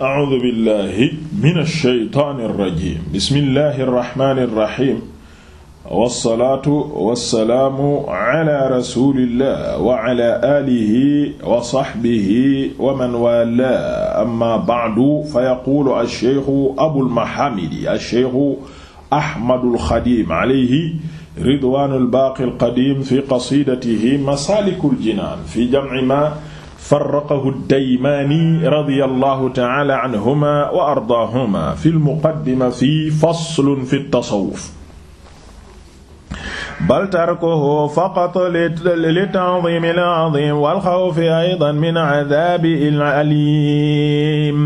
a'uudu billahi mina shaytaani rajiim bismillahi rahmaani rahiim wasalaatu wasalaamu ala rasulillah wa ala alihi wa saxbihi wa man waalaa amma ba'du fa yaquulu asheeku abul mahamidi asheeku ahmadul xadiim alayhi ridwaanul baaqil qadiim fi qasiidatihi masaalikul jinaan fi jam'i maa farraqahu daymaani radiyallahu ta'ala anhuma wa ardaahuma fil muqaddima fi faslun fi tasawwuf bal tarkuhu faqat li-ta'ziimi al-'aziim wal xawfi aydan min 'adaabi al-'aliim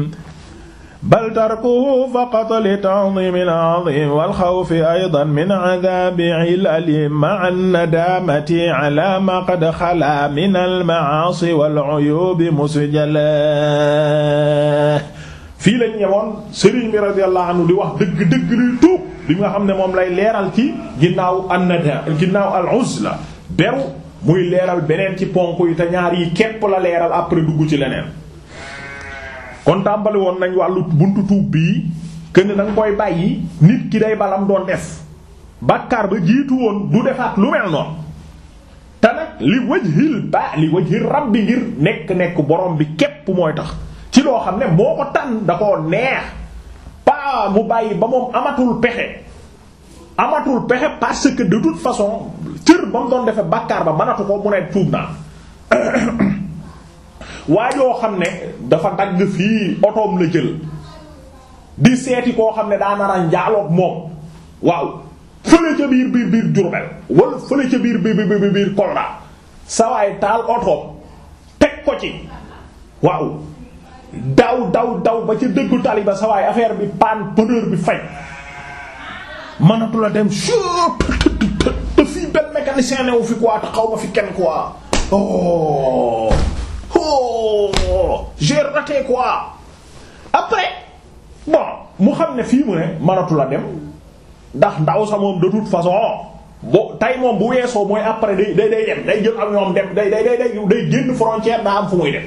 bal tarkuhu faqat li ta'zimi al-'azim wal xawfi aydan min 'adaabihi al-aliim ma'a an-nadaamati 'alaa maa qad xalaa min al-ma'aasi wal-'uyuubi musjalah fii lañ ñëwoon Serigne bi radiyallahu anhu di wax dëgg dëgg luy tuub li nga xam ne moom lay leeral ci ginnaaw an-nadaam ginnaaw al-'uzla beru muy leeral beneen ci ponk yi te ñaar yi képp la leeral après dugg ci leneen. kon tàmbali woon nañ wàllu buntu tuub bii kenn da nga koy bàyyi nit ki day balam doon def bàkkaar ba jiitu woon du defaat lu mel noonu te nag li wajhil ba li wajhil rabbi ngir nekk nekk borom bi képp mooy tax ci loo xam ne moo ko tànn da koo neex pa mu bàyyi ba moom amatul pexe amatul pexe parce que de toute façon cër ba mu doon defee bàkkaar ba mënatu ko mu ne tuub naa waa yoo xam ne dafa dagg fii otoom la jël di seeti koo xam ne daa nar a njaaloog moom waaw fële ca biir biir biir Jurbel wala fële ca biir biir biir biir Kolda sawaay taal otoom teg ko ci waaw daw daw daw ba ci dëggu taliba sawaay affaire bi paan pneu bi fay mënatu dem te fii benn mécanicien fi quoi xaw ma fi kenn quoi oh. oh j'ai raté quoi après bon mu xam ne fii mu ne mënatu la dem ndax ndaw sa moom de toute façon bo tey moom bu weesoo mooy après day day day dem day jël ak ñoom dem day day day day génn frontière daa am fu muy dem.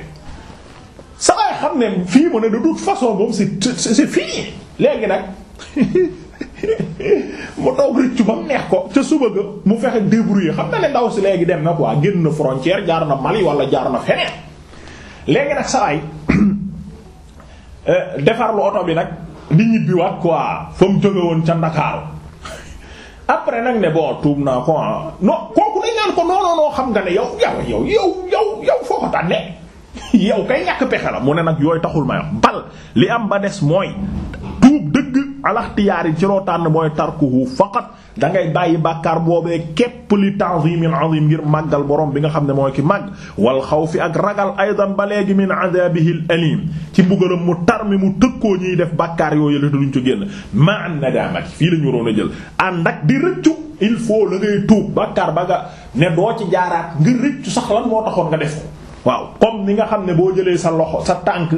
sa waay xam ne fii mu ne de façon moom si c'est fini léegi nag. mu toog rëccu ba mu neex ko ca suba ga mu fexe débrouiller xam na ne ndaw si léegi dem na quoi génn na frontière jaar na Mali wala jaar na feneen léegi nag sawaay euh, defar lu oto bi nag di ñibbiwaat quoi fa mu jóge woon ca Ndakaaru après nag ne bon tuub naa ko ah. non kooku dañ naan ko non non xam nga ne yow yow yow yow yow foo ko tànnee yow kay ñàkk pexe la mu ne nag yooyu taxul ma wax bal li am ba des mooy alaxtiyaari ci loo tànn mooy tarkuhu faqat da ngay bàyyi bàkkaar boobee képp li ta'zimil azim ngir màggal borom bi nga xam ne mooy ki màgg wal fi ak ragal aydan ba léegi min adabihil alim ci mbugalam mu tar mi mu tëkkoo ñuy def bàkkaar yooyu la duñ ci génn ma an nadamati fii la ñu waroon a jël ànd ak di rëccu il faut la ngay tuub bàkkaar ba nga ne doo ci jaaraat ngir rëccu sax lan moo taxoon nga def waaw comme ni nga xam ne boo jëlee sa loxo sa tànk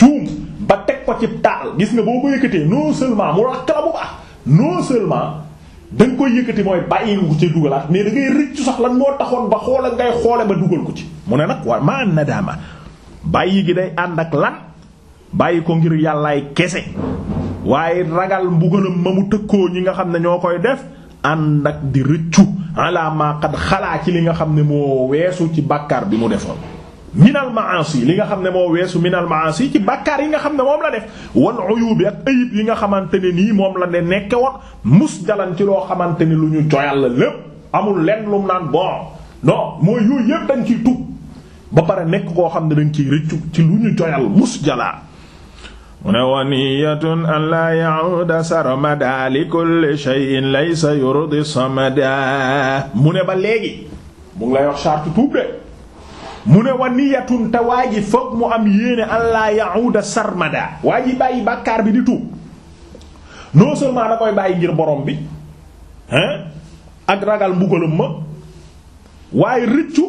juum ba teg ko ci taal gis nga boo ko yëkkatee non seulement mu lakk la bu baax non seulement da koy yëkkati mooy bàyyi ko ci dugalaat mais da rëccu sax lan moo taxoon ba xool ak ngay xoole ba dugal ko ci. mu ne nag waa maa nadaama bàyyi gi day ànd ak lan bàyyi ko ngir yàllaay kese waaye ragal mbugalam ma mu tëkkoo ñi nga xam ne ñoo koy def. ànd ak di rëccu ala ma qad xalaa ci li nga xam ne moo weesu ci bàkkaar bi mu defoon minal maasi li nga xam ne moo weesu minal maasi ci bàkkaar yi nga xam ne moom la def wal uyubi ak ayib yi nga xamante ne nii moom la ne nekke mus musjalan ci loo xamante ni lu ñu joyal la lépp amul lenn lum naan bon non mooy yooyu yëpp dañ ciy tub ba pare nekk koo xam ne dañ ciy rëccu ci lu ñu joyal musjala mu ne wa niyatun an laa ya'uda sarmada li kulli shay'in laysa yurdi samada mu ne ba léegi mu ngi lay wax charte tuub de mu ne wa niyatun te waa ji foog mu am yéene allah ya'uda sarmada waa ji bàyyi bàkkaar bi di tuub non seulement da koy bàyyi ngir borom bi hein ak ragal mbugalam ma waaye rëccu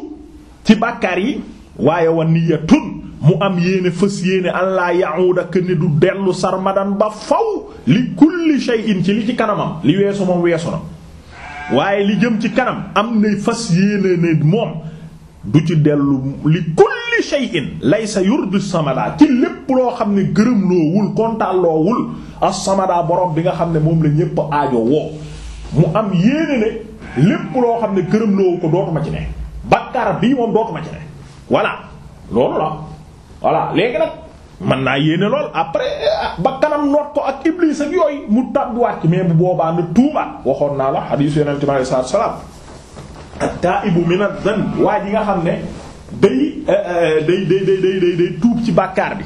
ci bàkkaar yi waaye wa niyatun mu am yéene fës yéene allah ya'uda que ni du dellu sarmadan ba faw li kulli shay'in ci li ci kanamam li weesu moom weesu na waaye li jëm ci kanam am nay fas yéene ne moom du ci dellu li kulli lay laysa yurdi samada ci lépp loo xam ne gërëm loowul kontaan loowul as-samada borom bi nga xam ne moom la ñépp aajo woo mu am yéene ne lépp loo xam ne gërëm loowu ko dootuma ci ne bakkaar bii moom dootuma ci ne voilà loolu la voilà léegi nag mën naa yéene lool après ba kanam noot ko ak iblis ak yooyu mu tàbbiwaat ci mais boobaa na tuubaat waxoon naa la xadiisu yonente mi alayhi salaatu salaam at-taa'ibu min adh-dhanb waa ji nga xam ne eh, eh, day day day day day tuub ci bakkaar bi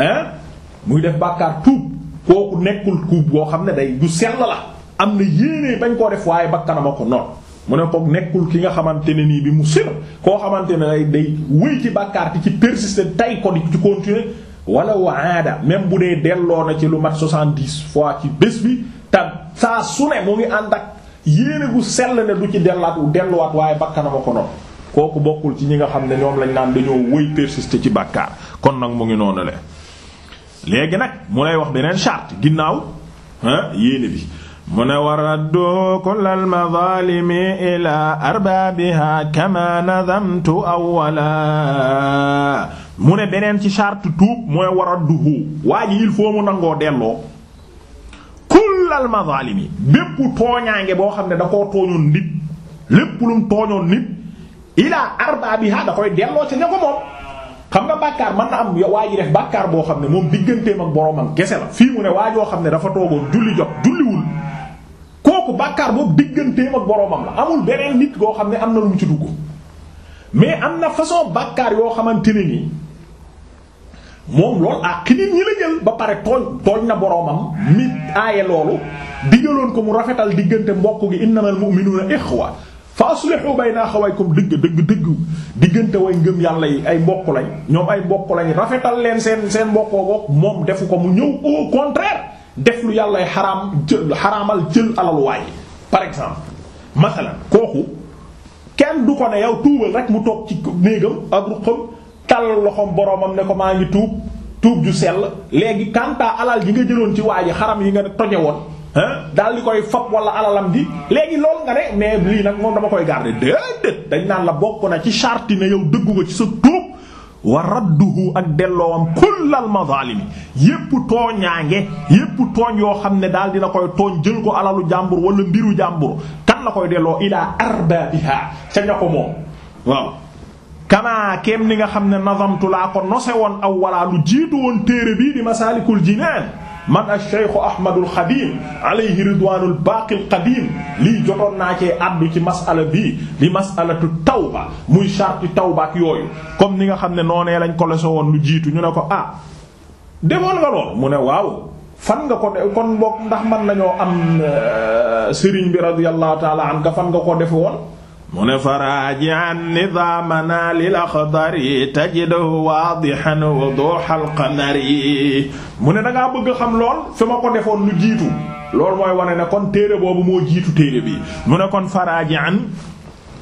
ah muy def bàkkaar tuub kooku nekkul tuub boo xam ne day du sell la am na yéene bañ koo def waaye bakkanam a ko noonu mu ne kook nekkul ki nga xamante ne nii bi mu sir koo xamante ne day day wéy ci bàkkaar bi ci persister tay ko di ci continuer wala waada même bu dee delloo na ci lu mat soixante-dix fois ci bés bi te saa su ne mu ngi ànd ak yéene gu sell ne du ci dellaat wu delluwaat waaye bakkanama ko noonu kooku bokkul ci ñi nga xam ne ñoom lañ naan dañoo wëy persister ci bàkkaar kon nag mu ngi noonu le léegi nag mu lay wax beneen charte ginnaaw ah yéene bi mu ne waraddu kull almadalimi ila arbabiha kama nadamtu awwala mu ne beneen ci charte tuub mooy waradduhu waa ji yil faut mu nangoo delloo kullal mazalimi bépp tooñaange boo xam ne da koo tooñoon nit lépp lu mu tooñoon nit ilaa arbaabiha da koy delloo ci ña ko moom xam nga bàkkaar man na am waa ji bàkkaar boo xam ne moom digganteem ak boromam gese la fii mu ne waa joo xam ne dafa toogoon julli jot julliwul kooku bàkkaar boobu digganteem ak boromam la amul beneen nit goo xam ne am na lu mu ci dugg mais am na façon bàkkaar yoo xamante ne nii moom lool ak nit ñi la jël ba pare tooñ tooñ na boroomam mi aaye loolu digaloon ko mu rafetal diggante mbokk gi a innamal mu'minuuna ixwa fa aslihu bayna axawaykum dëgg dëgg dëgg diggante way ngëm yàlla yi ay mbokk lañ ñoom ay mbokk lañ rafetal leen seen seen mbokkoo boog moom defu ko mu ñëw au contraire def lu yàlla ay xaraam jël xaraamal jël alal waay par exemple masalan kooku kenn du ko ne yow tuubal rek mu toog ci néegam ak ruqam tàllal loxoom boromam ne ko maa ngi tuub tuub ju sell léegi kantaa alal yi nga jëloon ci waa ji xaram yi nga toje woon daal di koy wala alalam di léegi loolu nga ne mais moom dama koy garder déedéet dañ naan la bokk na ci charte ne yow dëggu ko ci sa tuub wa radduhu ak delloowam kullal mazalimi yépp tooñaange yépp tooñ yoo xam ne daal dina koy tooñ jël ko alalu jàmbur wala mbiru jàmbur kan la koy delloo ilaa arbaabiha ca ña ko moom waaw kamaa kem ni nga xam ne nazamtu laa ko nose woon aw walaa lu jiitu woon téere bii di masaalikul jinaan man a cheikhu ahmadul xadim alayhi ridwanul baaqil qadim lii jotoon naa cee addu ci masala bii di masalatu tawba muy charti tawba ak yooyu comme ni nga xam ne noonee lañ ko lose woon lu jiitu ñu ne ko ah defoon nga lool mu ne waaw fan nga ko de kon boog ndax man nañoo am euh, sëriñ bi radiyallahu taala an nga fan nga ko defe woon mu ne faraaji an nidaamana lil axdari tajidahu waadihan wuduuhal qamari mu ne da ngaa bëgg xam lool fi ma ko defoon lu jiitu loolu mooy wane ne kon téere boobu moo jiitu téere bi mu ne kon faraaji an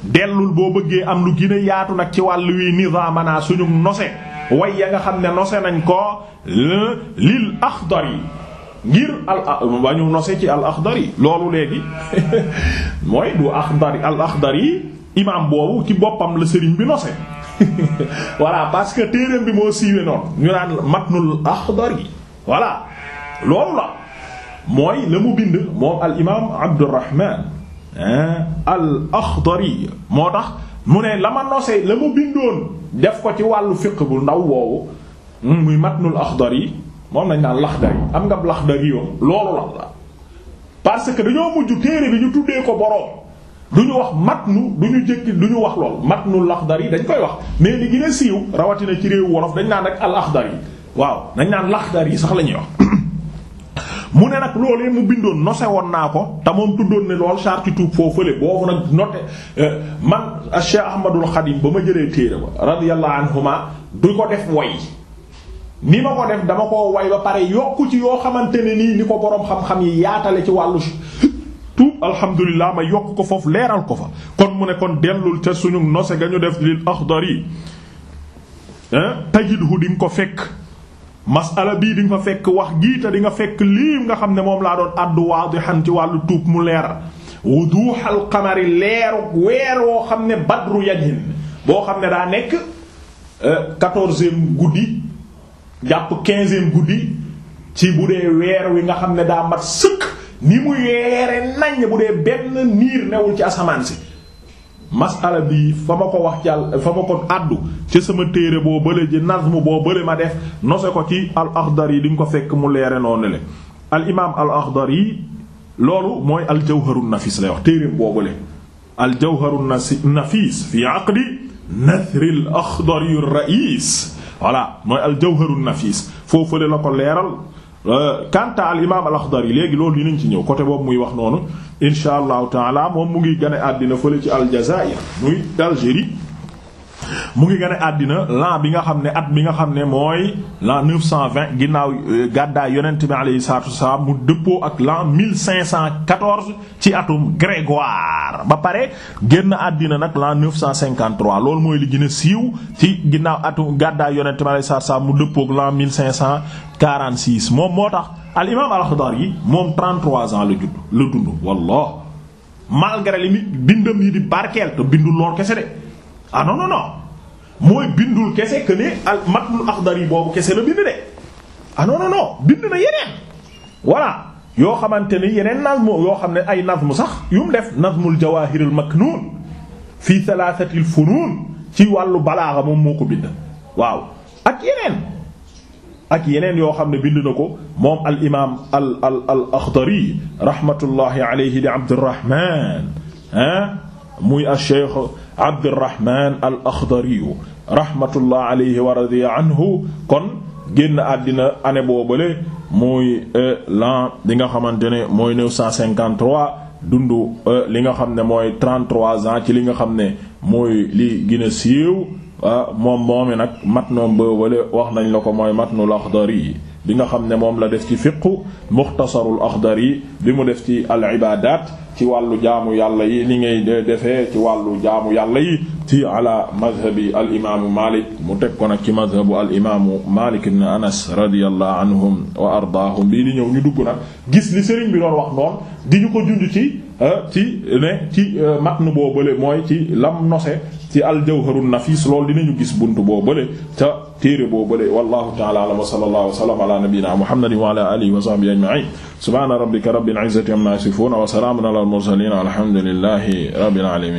dellul boo bëggee am lu gën yaatu nag ci wàllu wi nidaamana suñu nose way ya nga xam ne nose nañ ko lil axdari ngir al ba ñu nose ci al Axdari loolu léegi mooy du Axdari al Axdari imaam boobu ci boppam la sëriñ bi nose voilà parce que téereem bi moo siiwee noonu ñu naan matnul Axdari voilà loolu la mooy la mu bind moom al imaam Abdurrahman al Axdari moo tax mu ne la ma nose la mu bindoon def ko ci wàllu fiqh bu ndaw woowu hmm, muy matnul Axdari moom nañ naan laxdari am nga laxdari yoom loolu la la parce que dañoo mujj téere bi ñu tuddee ko boroom du ñu wax mat nu du ñu jëkki du ñu wax lool matnu yi dañ koy wax mais li gën siiw rawatina ci réew wolof dañ naan rek al axdari waaw dañ naan laxdari sax la ñuy wax mu ne nag loolee mu bindoon nose woon naa ko te moom tuddoon ne lool charti tuub foo fële boobu nag note euh, man Cheikh Ahmadul Xadim ba ma jëlee téere ba radiyallahu anhuma du ko def way ni ma ko def dama koo way ba pare yokku ci yoo xamante ne nii ni ko boroom xam-xam yi yaatale ci wàllu tuub alhamdulilah ma yokk ko foofu leeral ko fa kon mu ne kon dellul ca suñu nose ga ñu def lii lil Axdari tajidhu di nga ko fekk masala bii di nga fekk wax giita di nga fekk lii nga xam ne moom laa doon addu waadihan ci wàllu tuub mu leer wuduhal qamari leeru weer woo xam ne badru yajin boo xam ne daa nekk euh, quatorzième guddi jàpp quinzième guddi ci bu dee weer wi nga xam ne daa mat sëkk ni mu yeere nañ bu dee benn niir newul ci asamaan si masala bii fa ma ko wax jàll fa ma ko àddu ci sama téere boo bële ji nazmu boo bële ma def nose ko ci al Axdari yi nga ko fekk mu leere noonu le al imaam al Axdari loolu mooy al jawharun nafis lay wax téereem boo bële al jawharun nafis fi aqdi nathril Axdari ar-ra'is voilà mooy al jawharun nafis foofule la ko leeral kanta euh, al imaam al Axdari léegi loolu yi dinañ ci ñëw côté boobu muy wax noonu insha allahu taala moom mu ngi gane àddina fële ci Aljazaïr muy Algérie mu ngi gën a àddina l'an bi nga xam ne at bi nga xam ne mooy l'an 920 ginnaaw euh, gàddaay yonent bi alayhi salaatu wasalaam mu dëppoo ak l'an 1514 ci atum grégoire ba pare génn àddina nag l'an 953 loolu mooy li gën a siiw ci ginnaaw atum gàddaay yonent bi alayhi salaatu mu dëppoo l'an 1546 moom moo tax al imaam al-Axdari moom 33 ans la judd la dund wallah malgré li bindam yi di barkeel te bindul lool kese de ah non non mooy bindul kese que ne al matnul axdari boobu kese la bind de ah non non non bind na yeneen voilà yoo xamante ni yeneen nazm yoo xam ne ay nazm sax yu mu def nazmul jawaahiril maknuun fii thalathatil funuun ci wàllu balaaxa moom moo ko bind waaw ak yeneen ak yeneen yoo xam ne bind na ko moom al imaam al al al axdari rahmatullahi alayhi di Abdurrahman ah muy al cheikh Abdurrahman al axdariyu rahmatullah alayhi wa radiya anhu kon génn àddina année boobale muy euh, l'an li nga xamante ne mooy 953 dundu euh, li nga xam ne mooy 33 ans ci li nga xam ne mooy li gën a siiw ah, moom moomi nag matnoom boobale wax nañ la ko mooy matnul Axdari yi bi nga xam ne moom la def ci fiqu muxtasarul Axdari yi bi mu def ci al ibadat ci wàllu jaamu yàlla yi li ngay defee ci wàllu jaamu yàlla yi ci ala madhabi al imaamu malik mu teg ko nag ci madhabu al imaamu malik ibn anas radiyallahu anhum wa ardaahum bii di ñëw ñu dugg nag gis li sëriñ bi doon wax noonu di ñu ko junj ci euh, ci ne ci euh, matn boo bële mooy ci lam nose ci al jawharun nafis loolu dinañu gis bunt boo bële ca téere boo bële wallahu ta'ala a'lam wa sallallahu wa sallam ala nabiyyina muhammadin wa ala alihi wa sahbihi ajma'in subhana rabbika rabbil izzati amma yasifun wa salamun wal mursaliin alhamdulillahi rabbil aalamiin